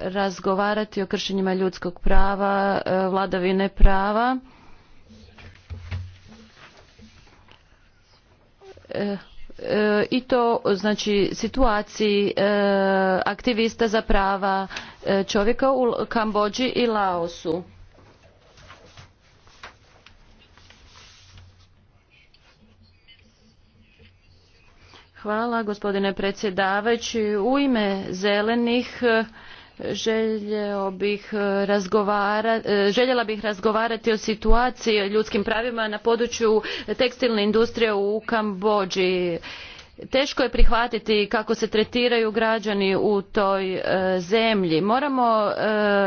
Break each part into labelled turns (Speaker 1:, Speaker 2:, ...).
Speaker 1: razgovarati o kršenjima ljudskog prava, e, vladavine prava. E, e, I to znači situaciji aktivista za prava čovjeka u Kambođi i Laosu. Hvala gospodine predsjedavajući. U ime zelenih bih eh, eh, željela bih razgovarati o situaciji o ljudskim pravima na području tekstilne industrije u Kambođi. Teško je prihvatiti kako se tretiraju građani u toj eh, zemlji. Moramo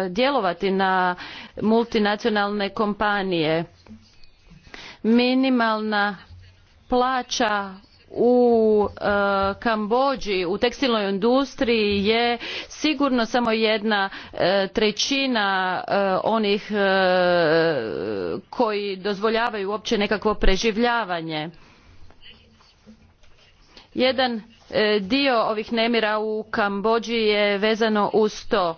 Speaker 1: djelovati na multinacionalne kompanije. Minimalna plaća u e, kambodži u tekstilnoj industriji je sigurno samo jedna e, trećina e, onih koji dozvoljavaju uopće nekakvo preživljavanje. Jedan dio ovih nemira u Kambođi je vezano uz to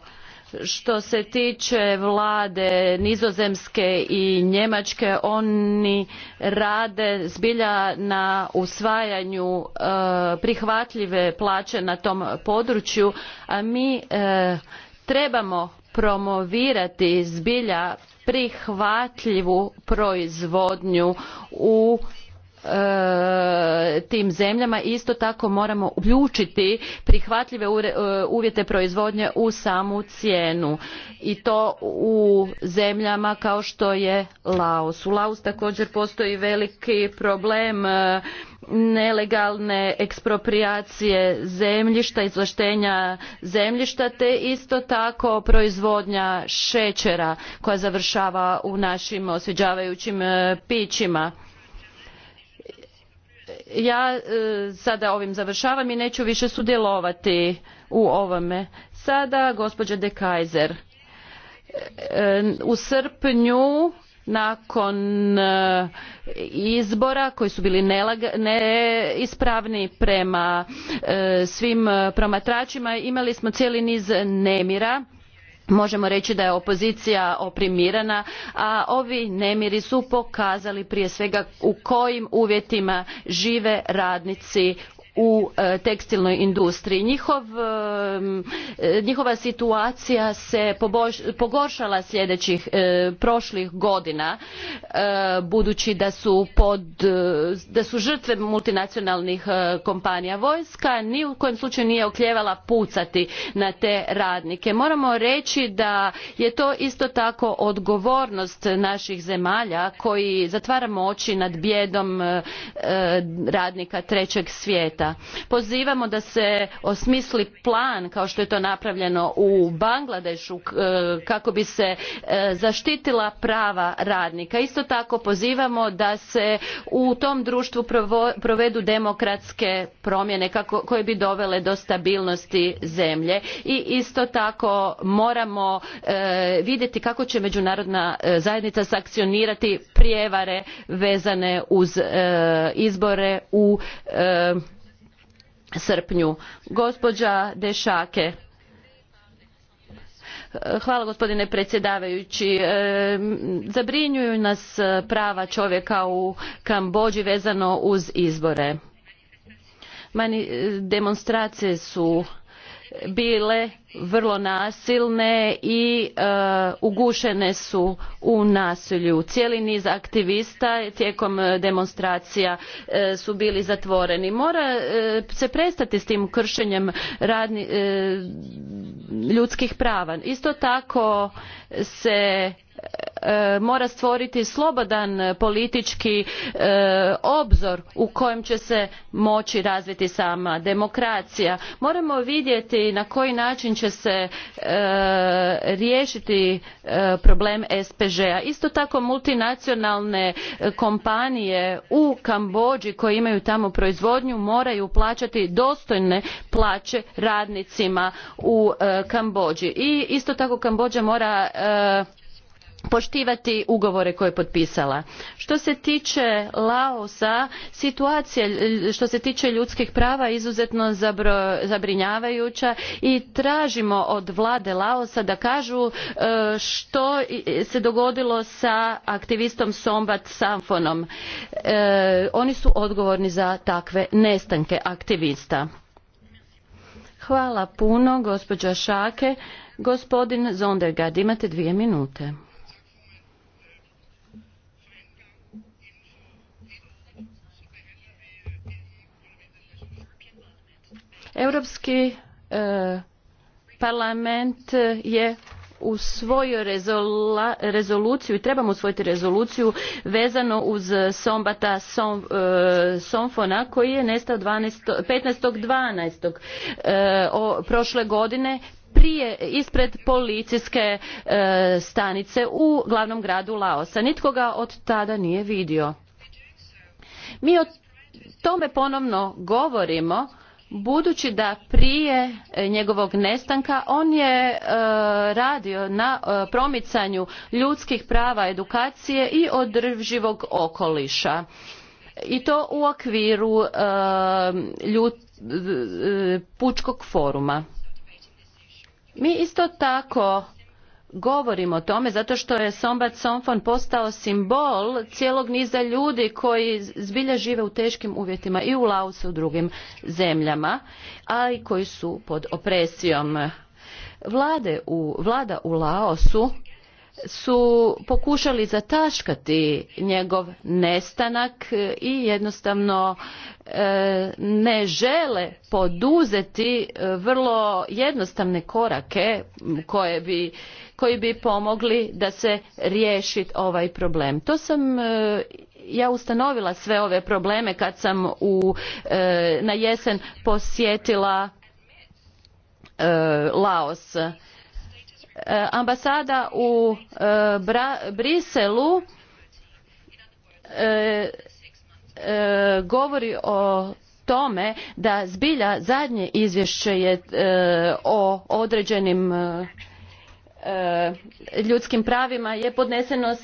Speaker 1: što se tiče vlade nizozemske i njemačke oni rade zbilja na usvajanju e, prihvatljive plaće na tom području a mi e, trebamo promovirati zbilja prihvatljivu proizvodnju u E, tim zemljama isto tako moramo uključiti prihvatljive e, uvjete proizvodnje u samu cijenu i to u zemljama kao što je Laos. U Laos također postoji veliki problem e, nelegalne eksproprijacije zemljišta, izvlaštenja zemljišta te isto tako proizvodnja šećera koja završava u našim osjeđavajućim pićima ja e, sada ovim završavam i neću više sudjelovati u ovome. Sada gospođa De Kaiser. E, u srpnju nakon e, izbora koji su bili neispravni prema svim promatračima imali smo cijeli niz nemira možemo reći da je opozicija oprimirana a ovi nemiri su pokazali prije svega u kojim uvjetima žive radnici u e, tekstilnoj industriji. Njihov, e, e, njihova situacija se pogoršala sljedećih prošlih godina budući da su, pod, da su žrtve multinacionalnih kompanija. Vojska ni u kojem slučaju nije okljevala pucati na te radnike. Moramo reći da je to isto tako odgovornost naših zemalja koji zatvaramo oči nad bijedom radnika trećeg svijeta mjesta. Pozivamo da se osmisli plan kao što je to napravljeno u Bangladešu e, kako bi se e, zaštitila prava radnika. Isto tako pozivamo da se u tom društvu provedu demokratske promjene koje bi dovele do stabilnosti zemlje i isto tako moramo e, vidjeti kako će međunarodna zajednica sankcionirati prijevare vezane uz izbore u srpnju. Gospođa Dešake, Hvala gospodine predsjedavajući. E, zabrinjuju nas e, prava čovjeka u Kambođi vezano uz izbore. Mani, e, demonstracije su bile vrlo nasilne i e, ugušene su u nasilju. Cijeli niz aktivista tijekom e, demonstracija e, su bili zatvoreni. Mora se prestati s tim kršenjem ljudskih prava. Isto tako se E, mora stvoriti slobodan politički e, obzor u kojem će se moći razviti sama demokracija. moramo vidjeti na koji način će se e, riješiti problem spž a. isto tako multinacionalne kompanije u kambodži koje imaju tamo proizvodnju moraju plaćati dostojne plaće radnicima u kambodži i isto tako kambodža mora poštivati ugovore koje je potpisala. Što se tiče Laosa, situacija što se tiče ljudskih prava je izuzetno zabrinjavajuća i tražimo od vlade Laosa da kažu e, što se dogodilo sa aktivistom Sombat Samfonom. E, oni su odgovorni za takve nestanke aktivista. Hvala puno, gospođa Šake. Gospodin Zondergad, imate dvije minute. Europski e, parlament je usvojio rezoluciju i trebamo usvojiti rezoluciju vezano uz Sombata e, Somfona koji je nestao 12, 15.12. E, prošle godine prije ispred policijske stanice u glavnom gradu Laosa. Nitko ga od tada nije vidio. Mi o tome ponovno govorimo budući da prije e, njegovog nestanka on je e, radio na e, promicanju ljudskih prava edukacije i održivog okoliša i to u okviru pučkog foruma mi isto tako govorim o tome zato što je Sombat Somfon postao simbol cijelog niza ljudi koji zbilja žive u teškim uvjetima i u Laosu i u drugim zemljama, a i koji su pod opresijom. vlada u Laosu su pokušali zataškati njegov nestanak i jednostavno e, ne žele poduzeti e, vrlo jednostavne korake bi, koji bi pomogli da se riješi ovaj problem. To sam e, ja ustanovila sve ove probleme kad sam u, na jesen posjetila Laos E, ambasada u e, Briselu e, govori o tome da zbilja zadnje izvješće je o određenim E, ljudskim pravima je podneseno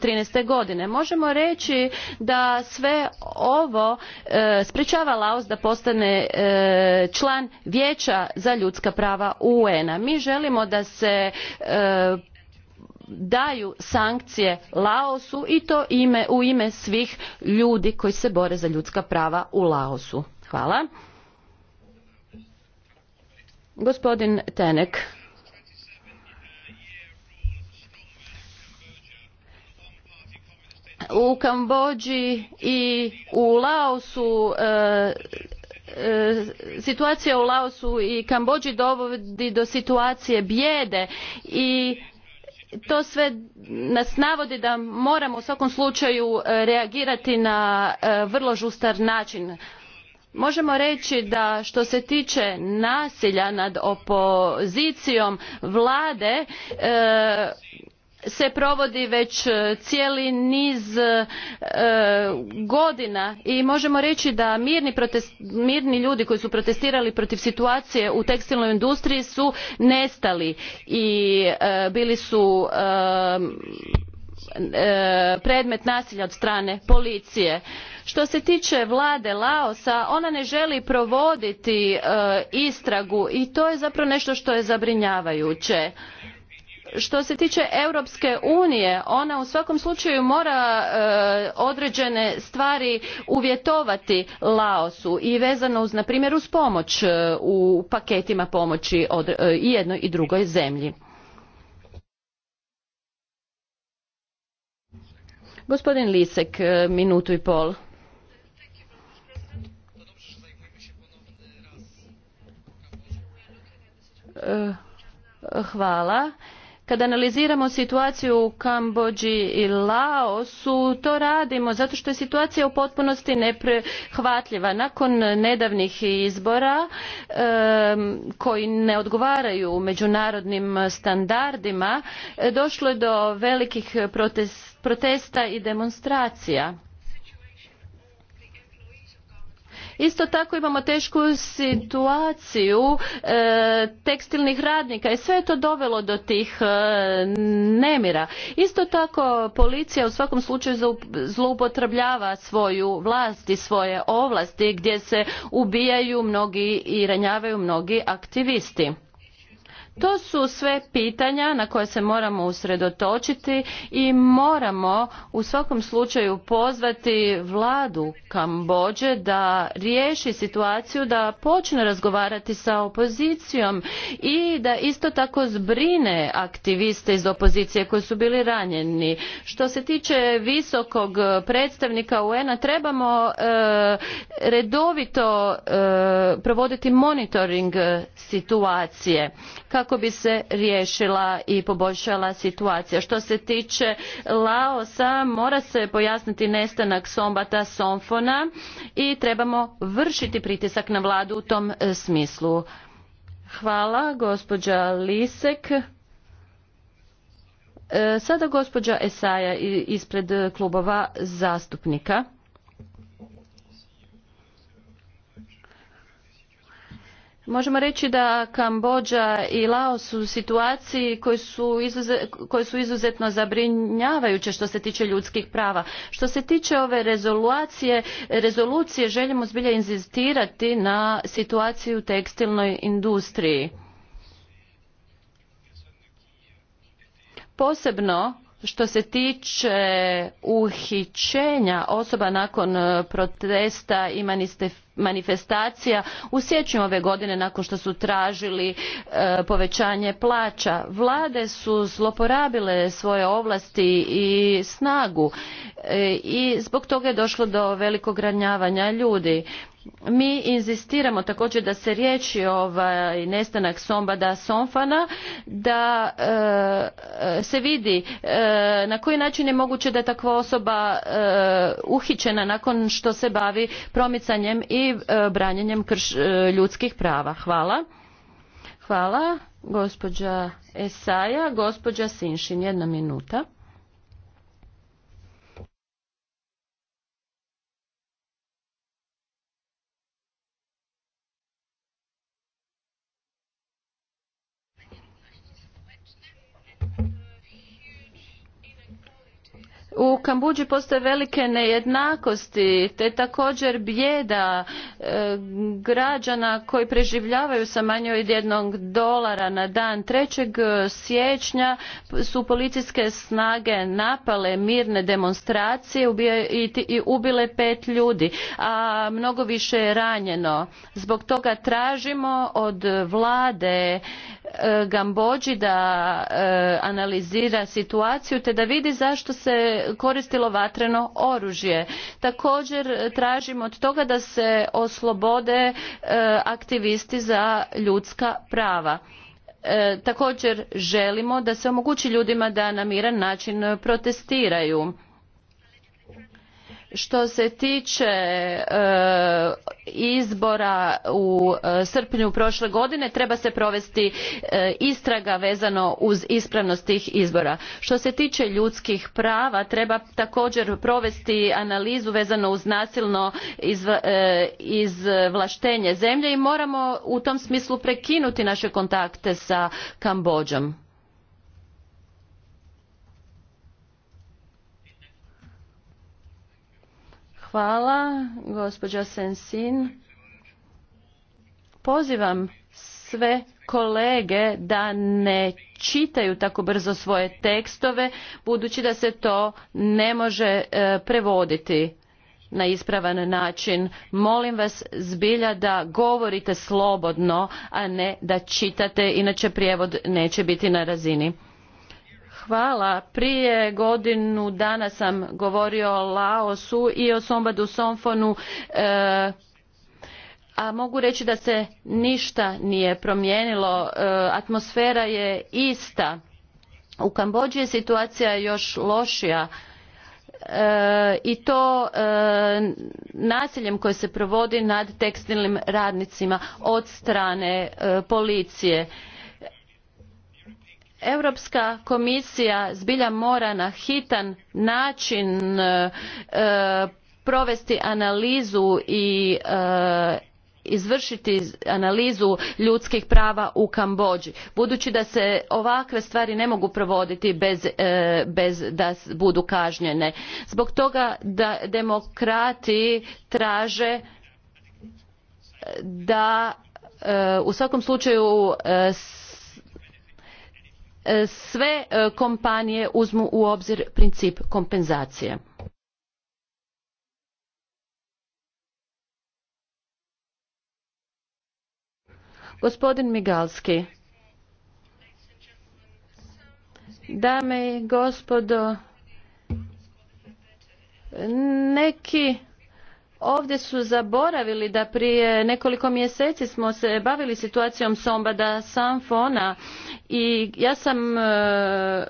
Speaker 1: trinaest godine. Možemo reći da sve ovo e, sprečava Laos da postane e, član Vijeća za ljudska prava UN-a. Mi želimo da se daju sankcije Laosu i to ime u ime svih ljudi koji se bore za ljudska prava u Laosu. Hvala. Gospodin Tenek. u Kambođi i u Laosu e, e, situacija u Laosu i Kambodži dovodi do situacije bijede i to sve nas navodi da moramo u svakom slučaju e, reagirati na vrlo žustar način. Možemo reći da što se tiče nasilja nad opozicijom vlade se provodi već e, cijeli niz e, godina i možemo reći da mirni, ljudi koji su protestirali protiv situacije u tekstilnoj industriji su nestali i e, bili su predmet nasilja od strane policije što se tiče vlade laosa ona ne želi provoditi istragu i to je zapravo nešto što je zabrinjavajuće što se tiče europske unije ona u svakom slučaju mora e, određene stvari uvjetovati laosu i vezano uz na primjer uz pomoć e, u paketima pomoći e, i jednoj i drugoj zemlji gospodin lisek minutu i pol hvala kad analiziramo situaciju u Kambodži i Laosu, to radimo zato što je situacija u potpunosti neprehvatljiva. Nakon nedavnih izbora koji ne odgovaraju međunarodnim standardima, došlo je do velikih protesta i demonstracija Isto tako imamo tešku situaciju e, tekstilnih radnika i sve je to dovelo do tih e, nemira. Isto tako policija u svakom slučaju zloupotrebljava svoju vlast i svoje ovlasti gdje se ubijaju mnogi i ranjavaju mnogi aktivisti. To su sve pitanja na koje se moramo usredotočiti i moramo u svakom slučaju pozvati vladu Kambođe da riješi situaciju, da počne razgovarati sa opozicijom i da isto tako zbrine aktiviste iz opozicije koji su bili ranjeni. Što se tiče visokog predstavnika UN-a trebamo e, redovito e, provoditi monitoring situacije kako kako bi se riješila i poboljšala situacija. Što se tiče Laosa, mora se pojasniti nestanak Sombata Somfona i trebamo vršiti pritisak na vladu u tom e, smislu. Hvala, gospođa Lisek. E, sada gospođa Esaja ispred klubova zastupnika. Možemo reći da Kambodža i Laos u situaciji koje su, izuzetno zabrinjavajuće što se tiče ljudskih prava. Što se tiče ove rezolucije, rezolucije želimo zbilja inzistirati na situaciju u tekstilnoj industriji. Posebno što se tiče uhićenja osoba nakon protesta imani ste manifestacija u siječnju ove godine nakon što su tražili e, povećanje plaća. Vlade su zloporabile svoje ovlasti i snagu e, i zbog toga je došlo do velikog ranjavanja ljudi. Mi inzistiramo također da se riječi ovaj nestanak Sombada Somfana, da e, se vidi e, na koji način je moguće da je takva osoba e, uhićena nakon što se bavi promicanjem i e, branjenjem ljudskih prava. Hvala. Hvala. Gospođa Esaja, gospođa Sinšin, jedna minuta. U Kambodži postoje velike nejednakosti, te također bijeda e, građana koji preživljavaju sa manje od jednog dolara na dan. 3. E, siječnja su policijske snage napale mirne demonstracije i, ubile pet ljudi, a mnogo više je ranjeno. Zbog toga tražimo od vlade Gambođi e, da analizira situaciju te da vidi zašto se koristilo vatreno oružje. Također e, tražimo od toga da se oslobode e, aktivisti za ljudska prava. E, također želimo da se omogući ljudima da na miran način protestiraju što se tiče e, izbora u e, srpnju prošle godine treba se provesti e, istraga vezano uz ispravnost tih izbora. Što se tiče ljudskih prava treba također provesti analizu vezano uz nasilno izvlaštenje zemlje i moramo u tom smislu prekinuti naše kontakte sa Kambodžom. Hvala, gospođa Sensin. Pozivam sve kolege da ne čitaju tako brzo svoje tekstove, budući da se to ne može e, prevoditi na ispravan način. Molim vas zbilja da govorite slobodno, a ne da čitate, inače prijevod neće biti na razini. Hvala. Prije godinu dana sam govorio o Laosu i o Sombadu Somfonu e, a mogu reći da se ništa nije promijenilo. E, atmosfera je ista. U Kambodži je situacija još lošija e, i to nasiljem koje se provodi nad tekstilnim radnicima od strane policije Europska komisija zbilja mora na hitan način e, e, provesti analizu i e, izvršiti analizu ljudskih prava u Kambodži, budući da se ovakve stvari ne mogu provoditi bez, bez da budu kažnjene zbog toga da demokrati traže da u svakom slučaju E, sve e, kompanije uzmu u obzir princip kompenzacije. Gospodin Migalski, dame i gospodo, neki ovdje su zaboravili da prije nekoliko mjeseci smo se bavili situacijom Sombada, Sanfona i ja sam e, e,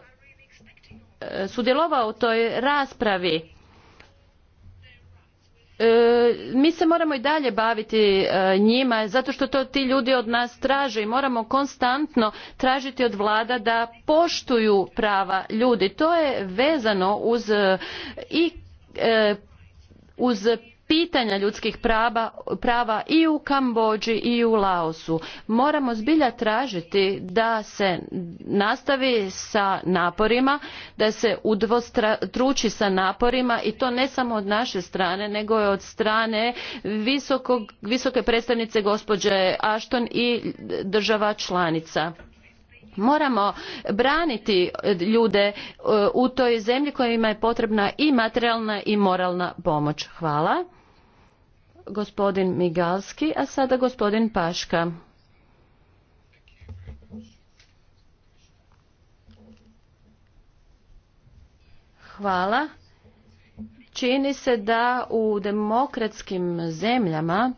Speaker 1: sudjelovao u toj raspravi. E, mi se moramo i dalje baviti njima zato što to ti ljudi od nas traže i moramo konstantno tražiti od vlada da poštuju prava ljudi. To je vezano uz i uz pitanja ljudskih prava, i u Kambodži i u Laosu. Moramo zbilja tražiti da se nastavi sa naporima, da se udvostruči sa naporima i to ne samo od naše strane, nego i od strane visoke predstavnice gospođe Ashton i država članica moramo braniti e, ljude e, u toj zemlji kojima je potrebna i materijalna i moralna pomoć. Hvala. Gospodin Migalski, a sada gospodin Paška. Hvala. Čini se da u demokratskim zemljama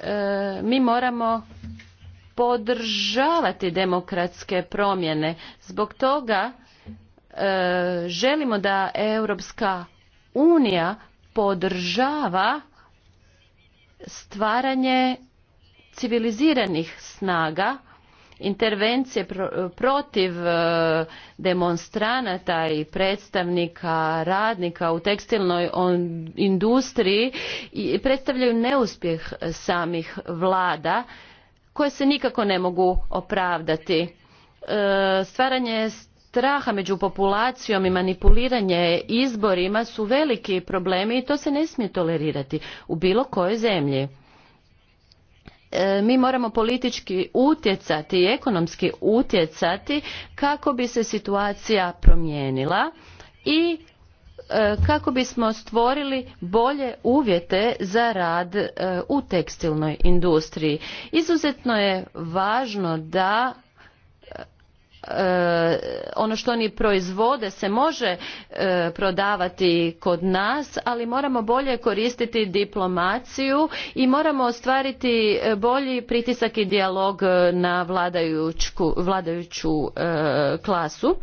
Speaker 1: e, mi moramo podržavati demokratske promjene. Zbog toga e, želimo da Europska unija podržava stvaranje civiliziranih snaga intervencije protiv e, demonstranata i predstavnika radnika u tekstilnoj on, industriji i predstavljaju neuspjeh samih vlada koje se nikako ne mogu opravdati. E, stvaranje straha među populacijom i manipuliranje izborima su veliki problemi i to se ne smije tolerirati u bilo kojoj zemlji e, mi moramo politički utjecati i ekonomski utjecati kako bi se situacija promijenila i E, kako bismo stvorili bolje uvjete za rad e, u tekstilnoj industriji. Izuzetno je važno da e, ono što oni proizvode se može prodavati kod nas ali moramo bolje koristiti diplomaciju i moramo ostvariti bolji pritisak i dijalog na vladajuću, klasu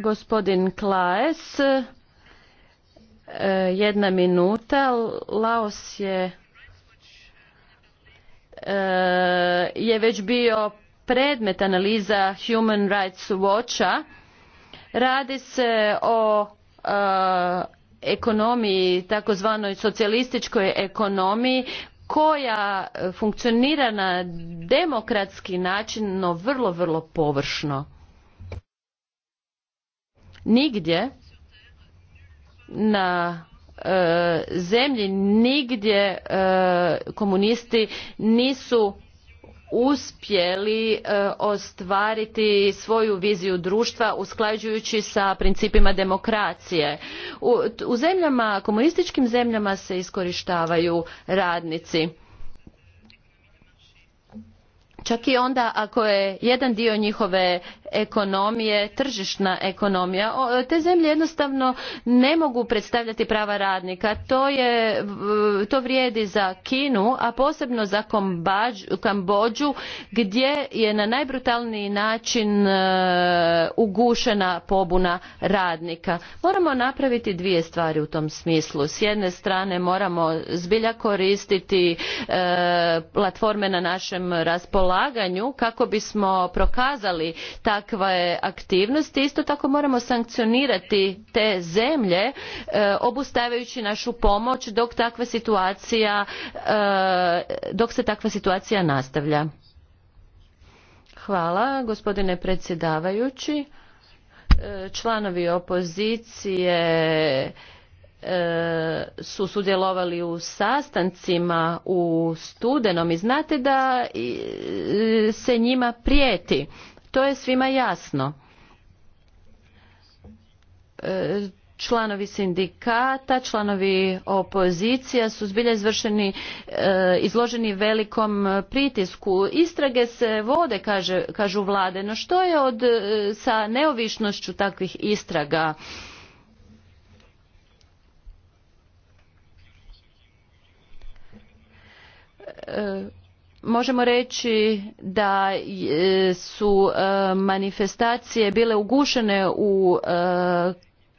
Speaker 1: Gospodin Klaes, e, jedna minuta. Laos je, e, je već bio predmet analiza Human Rights Watcha. Radi se o e, ekonomiji, takozvanoj socijalističkoj ekonomiji koja funkcionira na demokratski način, no vrlo, vrlo površno. Nigdje na e, zemlji, nigdje e, komunisti nisu uspjeli e, ostvariti svoju viziju društva usklađujući sa principima demokracije. U, u zemljama, komunističkim zemljama se iskorištavaju radnici čak i onda ako je jedan dio njihove ekonomije tržišna ekonomija te zemlje jednostavno ne mogu predstavljati prava radnika to, je, to vrijedi za kinu a posebno za kambodžu gdje je na najbrutalniji način e, ugušena pobuna radnika moramo napraviti dvije stvari u tom smislu s jedne strane moramo zbilja koristiti e, platforme na našem raspolaganju raspolaganju kako bismo prokazali takve aktivnosti isto tako moramo sankcionirati te zemlje e, obustavljajući našu pomoć dok takva situacija e, dok se takva situacija nastavlja hvala gospodine predsjedavajući e, članovi opozicije E, su sudjelovali u sastancima u studenom i znate da e, se njima prijeti. To je svima jasno. E, članovi sindikata, članovi opozicija su zbilja izvršeni, izloženi velikom pritisku. Istrage se vode, kaže, kažu vlade, no što je od, sa neovišnošću takvih istraga? E, možemo reći da su e, manifestacije bile ugušene u e,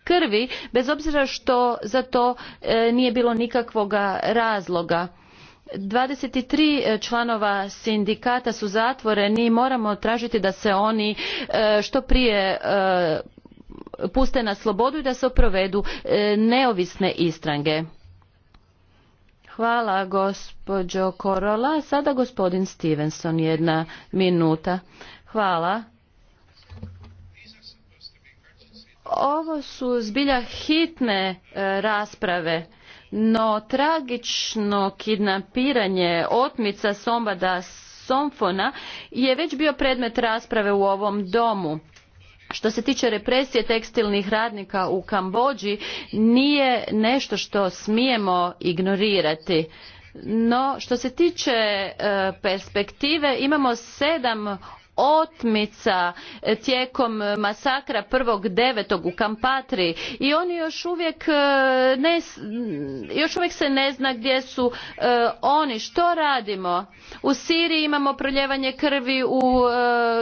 Speaker 1: krvi bez obzira što za to nije bilo nikakvoga razloga. 23 članova sindikata su zatvoreni i moramo tražiti da se oni što prije puste na slobodu i da se provedu neovisne istrange. Hvala gospođo Korola. Sada gospodin Stevenson, jedna minuta. Hvala. Ovo su zbilja hitne e, rasprave, no tragično kidnapiranje otmica Sombada Somfona je već bio predmet rasprave u ovom domu što se tiče represije tekstilnih radnika u Kambodži, nije nešto što smijemo ignorirati. No, što se tiče e, perspektive imamo sedam otmica e, tijekom e, masakra devetog u Kampatri i oni još uvijek e, ne, još uvijek se ne zna gdje su oni. Što radimo? U Siriji imamo proljevanje krvi, u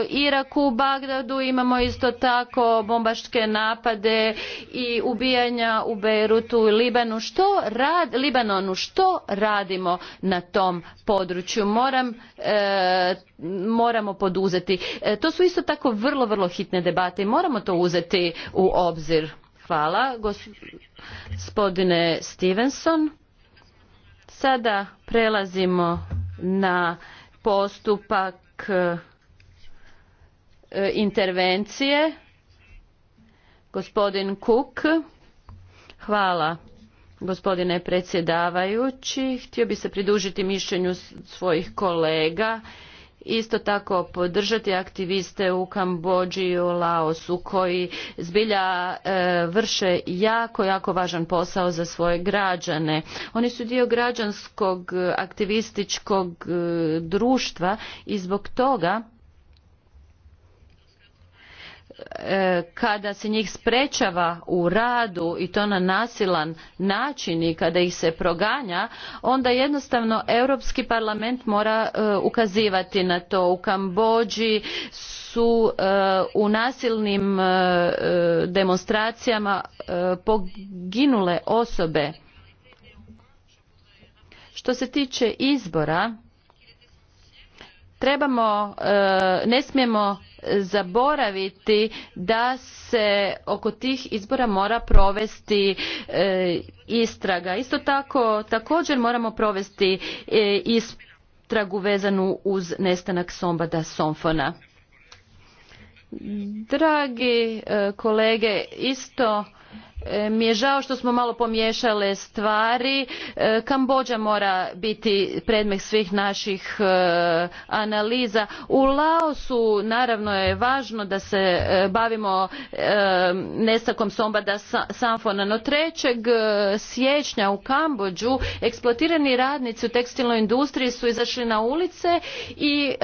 Speaker 1: Iraku, u Bagdadu imamo isto tako bombaške napade i ubijanja u Beirutu i Libanu. Što rad, Libanonu? Što radimo na tom području? moramo poduzeti E, to su isto tako vrlo, vrlo hitne debate i moramo to uzeti u obzir. Hvala, gospodine Stevenson. Sada prelazimo na postupak e, intervencije. Gospodin Cook. Hvala gospodine predsjedavajući. Htio bi se pridružiti mišljenju svojih kolega isto tako podržati aktiviste u Kambođi i u Laosu koji zbilja e, vrše jako, jako važan posao za svoje građane. Oni su dio građanskog aktivističkog e, društva i zbog toga E, kada se njih sprečava u radu i to na nasilan način i kada ih se proganja onda jednostavno europski parlament mora e, ukazivati na to u kambodži su e, u nasilnim demonstracijama poginule osobe što se tiče izbora trebamo ne smijemo zaboraviti da se oko tih izbora mora provesti e, istraga. Isto tako također moramo provesti e, istragu vezanu uz nestanak Sombada Somfona. Dragi e, kolege, isto E, mi je žao što smo malo pomiješale stvari. E, Kambodža mora biti predmet svih naših e, analiza. U Laosu naravno je važno da se bavimo nestakom sombada Sanfona, no 3. siječnja u Kambodžu eksploatirani radnici u tekstilnoj industriji su izašli na ulice i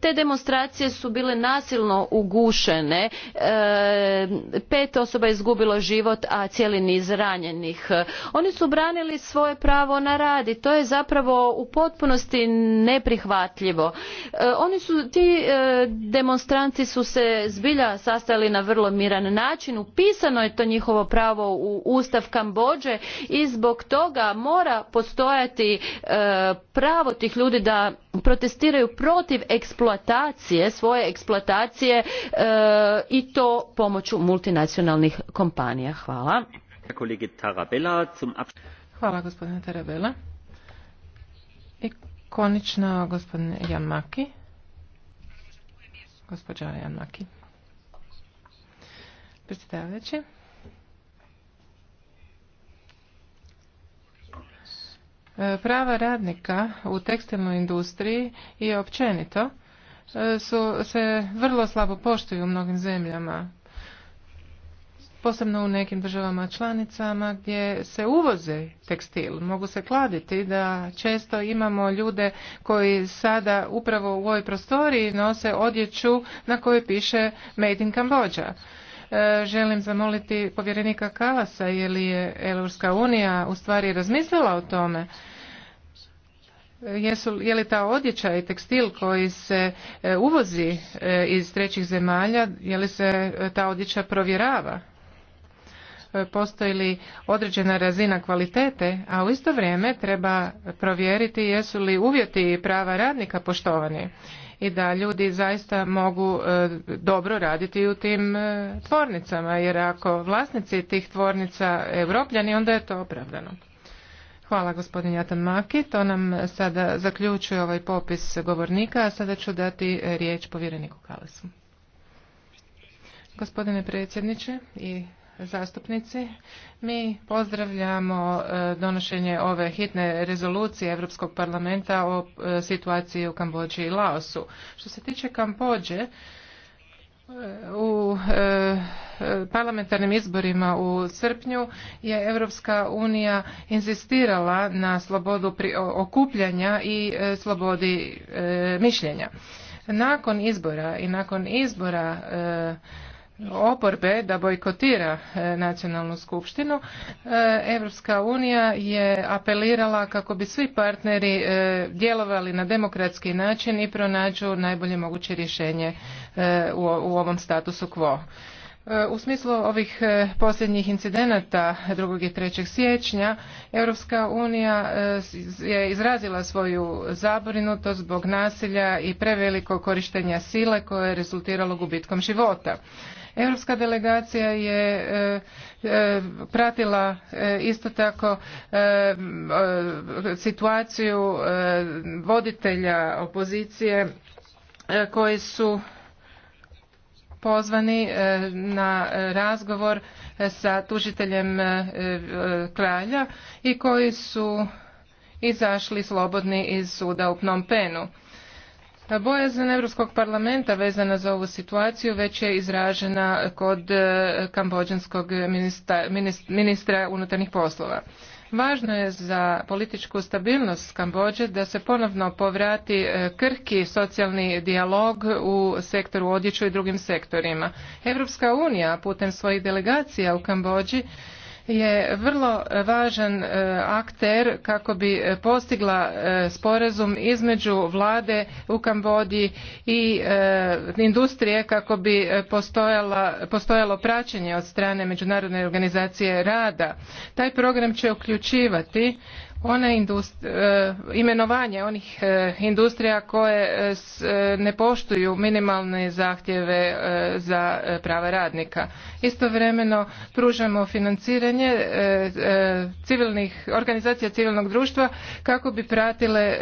Speaker 1: te demonstracije su bile nasilno ugušene. Pet osoba je izgubilo život a cijeli niz ranjenih e, oni su branili svoje pravo na rad i to je zapravo u potpunosti neprihvatljivo e, oni su ti e, demonstranti su se zbilja sastajali na vrlo miran način upisano je to njihovo pravo u ustav kambodže i zbog toga mora postojati pravo tih ljudi da protestiraju protiv eksploatacije svoje eksploatacije e, i to pomoću multinacionalnih kompanija. Hvala.
Speaker 2: Hvala gospodine Tarabela. I konačno gospodine Janmaki. Gospođa Janmaki. Predsjedavajući. E, prava radnika u tekstilnoj industriji i općenito e, su, se vrlo slabo poštuju u mnogim zemljama posebno u nekim državama članicama gdje se uvoze tekstil. Mogu se kladiti da često imamo ljude koji sada upravo u ovoj prostoriji nose odjeću na kojoj piše Made in Cambodia. E, želim zamoliti povjerenika Kalasa je li je Europska unija u stvari razmislila o tome. Jesu, je li ta odjeća i tekstil koji se e, uvozi e, iz trećih zemalja, je li se ta odjeća provjerava? Postoji li određena razina kvalitete, a u isto vrijeme treba provjeriti jesu li uvjeti i prava radnika poštovani i da ljudi zaista mogu e, dobro raditi u tim e, tvornicama jer ako vlasnici tih tvornica europljani onda je to opravdano. Hvala gospodin Jatan Maki. To nam sada zaključuje ovaj popis govornika, a sada ću dati riječ povjereniku Kalesu. Gospodine predsjedniče i zastupnici. Mi pozdravljamo e, donošenje ove hitne rezolucije Europskog parlamenta o e, situaciji u Kambođi i Laosu. Što se tiče Kambođe, e, u parlamentarnim izborima u srpnju je Europska unija inzistirala na slobodu okupljanja i slobodi mišljenja. Nakon izbora i nakon izbora oporbe da bojkotira e, nacionalnu skupštinu, Europska unija je apelirala kako bi svi partneri e, djelovali na demokratski način i pronađu najbolje moguće rješenje e, u ovom statusu quo. U smislu ovih posljednjih incidenata 2. i 3. siječnja Europska unija je izrazila svoju zabrinutost zbog nasilja i prevelikog korištenja sile koje je rezultiralo gubitkom života. Europska delegacija je e, e, pratila e, isto tako situaciju voditelja opozicije koji su pozvani na razgovor sa tužiteljem kralja i koji su izašli slobodni iz suda u Penu. Bojazan Europskog parlamenta vezana za ovu situaciju već je izražena kod e, kambođanskog ministra, unutarnjih poslova. Važno je za političku stabilnost Kambođe da se ponovno povrati e, krhki socijalni dijalog u sektoru odjeću i drugim sektorima. Europska unija putem svojih delegacija u Kambođi je vrlo važan e, akter kako bi e, postigla e, sporazum između vlade u Kambodji i industrije kako bi postojalo praćenje od strane Međunarodne organizacije rada. Taj program će uključivati one e, imenovanje onih e, industrija koje e, ne poštuju minimalne zahtjeve za prava radnika. Istovremeno pružamo financiranje civilnih, organizacija civilnog društva kako bi pratile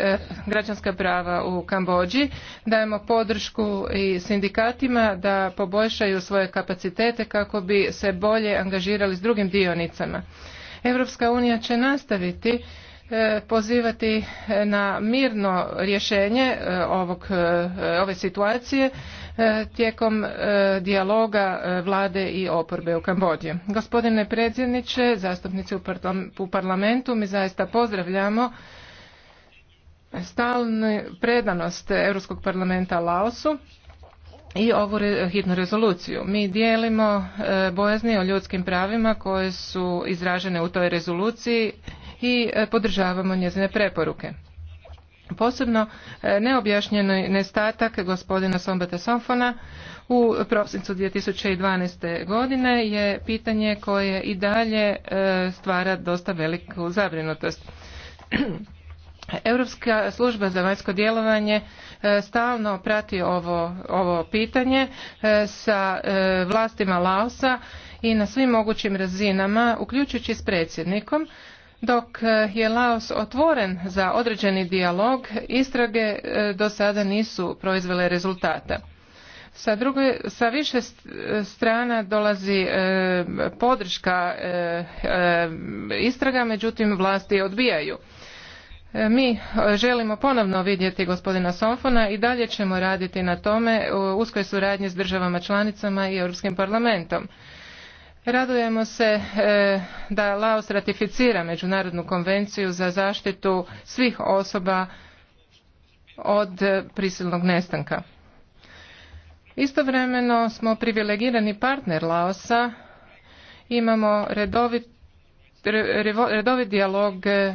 Speaker 2: građanska prava u Kambođi. Dajemo podršku i sindikatima da poboljšaju svoje kapacitete kako bi se bolje angažirali s drugim dionicama. Europska unija će nastaviti E, pozivati e, na mirno rješenje e, ovog, ove situacije tijekom dijaloga vlade i oporbe u Kambodži. Gospodine predsjedniče, zastupnici u parlamentu, mi zaista pozdravljamo stalnu predanost Europskog parlamenta Laosu i ovu hitnu rezoluciju. Mi dijelimo bojazni o ljudskim pravima koje su izražene u toj rezoluciji i e, podržavamo njezine preporuke. Posebno e, neobjašnjeni nestatak gospodina Sombata Sonfona u prosincu 2012. godine je pitanje koje i dalje e, stvara dosta veliku zabrinutost. Europska služba za vanjsko djelovanje stalno prati ovo, ovo pitanje sa vlastima Laosa i na svim mogućim razinama, uključujući s predsjednikom, dok e, je Laos otvoren za određeni dijalog, istrage e, do sada nisu proizvele rezultata. Sa, druge, sa više e, strana dolazi podrška istraga, međutim vlasti je odbijaju. Mi želimo ponovno vidjeti gospodina Sonfona i dalje ćemo raditi na tome u uskoj suradnji s državama članicama i Europskim parlamentom. Radujemo se e, da Laos ratificira Međunarodnu konvenciju za zaštitu svih osoba od prisilnog nestanka. Istovremeno smo privilegirani partner Laosa, imamo redovit redovit dijalog e,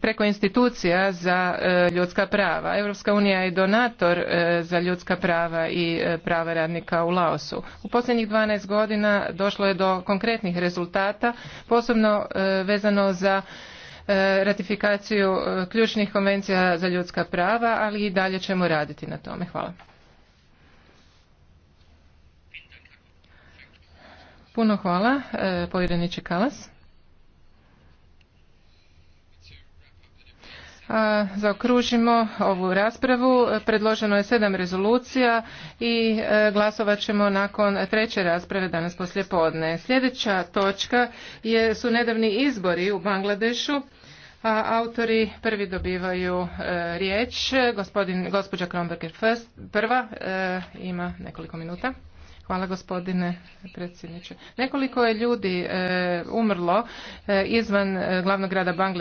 Speaker 2: preko institucija za e, ljudska prava. Europska unija je donator e, za ljudska prava i prava radnika u Laosu. U posljednjih 12 godina došlo je do konkretnih rezultata, posebno vezano za ratifikaciju ključnih konvencija za ljudska prava, ali i dalje ćemo raditi na tome. Hvala. Puno hvala, povjereniče Kalas. zaokružimo ovu raspravu. Predloženo je sedam rezolucija i e, glasovat ćemo nakon treće rasprave danas poslije podne. Sljedeća točka su nedavni izbori u Bangladešu. A autori prvi dobivaju e, riječ. Gospodin, gospođa Kronberger prva e, ima nekoliko minuta. Hvala gospodine predsjedniče. Nekoliko je ljudi umrlo izvan glavnog grada Bangladeša.